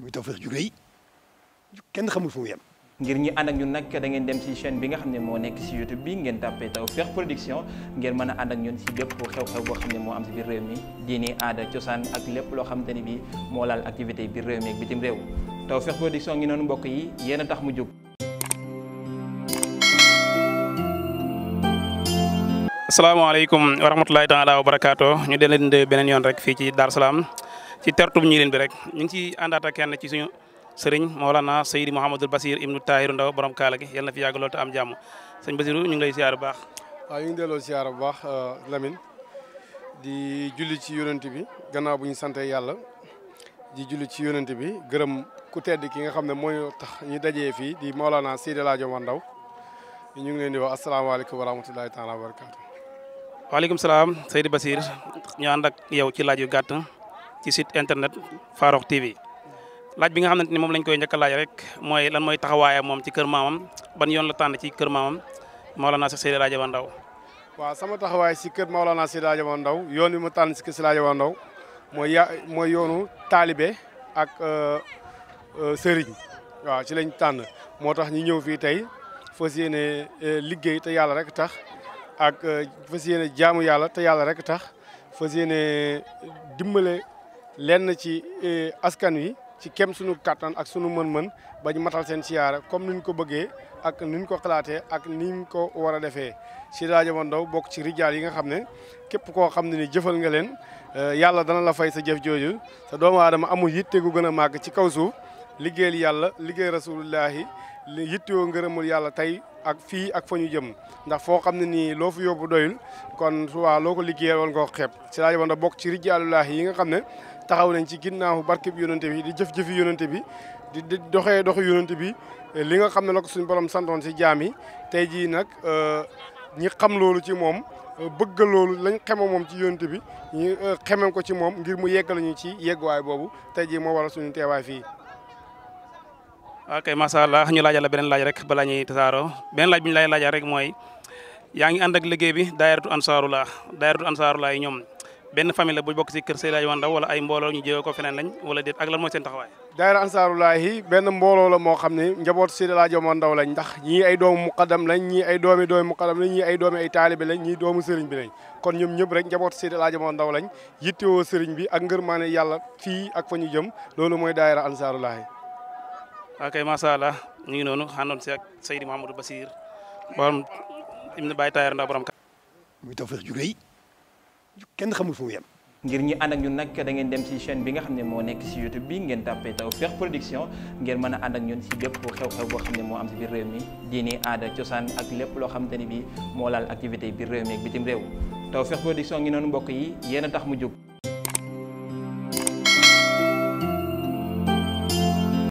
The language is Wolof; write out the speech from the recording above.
muy Tawfekh ju rëy kenn xamul fu mu ngir ñi ànd ak ñun nag dangeen dem ci chaîne bi nga xam ne moo nekk ci YouTube bi ngeen tàppee Tawfekh Production ngeen mën a ànd ak ñun ci bépp xew-xew boo xam ne moo am ci biir réew mi diini aada cosaan ak lépp loo xamante ni bi moo laal activité biir réew mi ak bitim réew Tawfekh Production ngi noonu mbokk yi yéen a tax mu jóg. asalaamaaleykum wa rahmatulahi taala wa barakaatu yoon rek fii ci Darou Salaam. ci tertub ñi leen bi rek ñu ngi ciy àndaat ak kenn ci suñu sëriñ Mawlana Seydi Mouhamadul Basir Ibnu Tahiru Ndaw borom kaala gi yal na fi yàgg lool te am jàmm ñu ngi lay siyaar bu baax. waaw ñu ngi bu baax euh, Lamine di julli ci yonent bi gannaaw bu ñu sant yàlla di julli ci yonent bi gërëm ku tedd ki nga xam ne mooy tax ñu dajee fii di Mawlana Seydi Laajo Ndaw ñu ngi leen di wax asalaamaaleykum wa rahmatulahi taala wa barakaatu. waaleykum yow ci laaj yu gàtt. ci site internet Farokh TV laaj bi nga xamante ni moom lañ koy njëkk laaj rek mooy lan mooy taxawaaye moom ci kër maamam ban yoon la tànn ci kër maamam Maolana Seydi El Hadji Abou Ndaw waaw sama taxawaay si kër Maolana Seydi El Hadji Ndaw yoon bi mu tànn si kër Seydi El Ndaw mooy ya mooy yoonu taalibe ak euh, euh, sëriñ waaw ci lañ tànn moo tax ñu ñëw fii tey fas yéene euh, liggéey te yàlla rek tax ak fas yéene jaamu yàlla te yàlla rek tax fa yéene dimbale lenn ci eh, askan wi ci kem sunu kàttan ak sunu mën-mën ba ñu matal seen siyaara comme ni ñu ko bëggee ak ni ñu ko xalaatee ak ni ñu ko war a defee Seydi Hadji Omar Ndao bokk ci rijaal yi nga xam ne képp koo xam ne ni jëfal nga leen eh, yàlla dana la fay sa jëf jooju sa doomu aadama amul yitte gu gën a màgg ci kaw suuf liggéeyal yàlla liggéey rasulullahi yittewoo ngërëmul yàlla tey ak fii ak fa ñu jëm ndax foo xam ne nii loo fu yóbbu doyul kon souvent loo ko liggéeyal woon nga ko xeeb si laa yoon a bokk ci rijaalullaahi yi nga xam ne taxaw nañ ci ginnaawu barke bi yonante di jëf-jëfi yonante bi di di doxee doxu yonante bi li nga xam ne la ko suñu borom santoon si jaam yi tey jii nag euh, ñi xam loolu ci moom euh, bëgg loolu lañ xeme moom ci yonante bi ñu euh, xemem ko ci moom ngir mu yeggal ñu ci yegguwaay boobu tey jii moo waral suñu teewaay fii ok macha allah ñu laajal la beneen laaj rek balaa ñuy tasaaroo beneen laaj bi ñu lay laajal rek mooy yaa ngi ànd ak liggéey bi daayiratu ansaarullah daayiratu ansaarullah yi ñoom benn famille la bu bokk ci kër Seydi Hadji Ndaw wala ay mbooloo ñu jëwee ko feneen lañ wala déet ak lan mooy seen taxawaay daayira ansaarulaahi benn mbooloo la moo xam ne njaboot Seydi Hadji Ndaw lañ ndax ñii ay doomu muqaddam lañ ñii ay doomi doomi muqaddam lañ ñii ay doomi ay taalibe lañ ñii doomu sëriñ bi lañ kon ñoom ñëpp rek njaboot Seydi Hadji Ndaw lañ yittewoo sëriñ bi ak ngërmaane yàlla fii ak fa ñu jëm loolu mooy an daayira ansaarulaahi waa kay macha allah ñu ngi noonu xaanoon si ak Seydi Mouhamadou Bassir borom ibn Baye Tayar ndaw borom. muy tawfeex ju rëy kenn xamul fu mu yem. ngir ñi ànd ak ñun nag da ngeen dem ci chaine bi nga xam ne moo nekk si youtube bi ngeen taw Tawfekh Production ngeen mën a ànd ak ñun si bépp xew-xew boo xam ne moo am si biir réew mi diini aada cosaan ak lépp loo xamante ni bi moo laal activité biir réew mi ak bitim réew Tawfekh Production ngi noonu a tax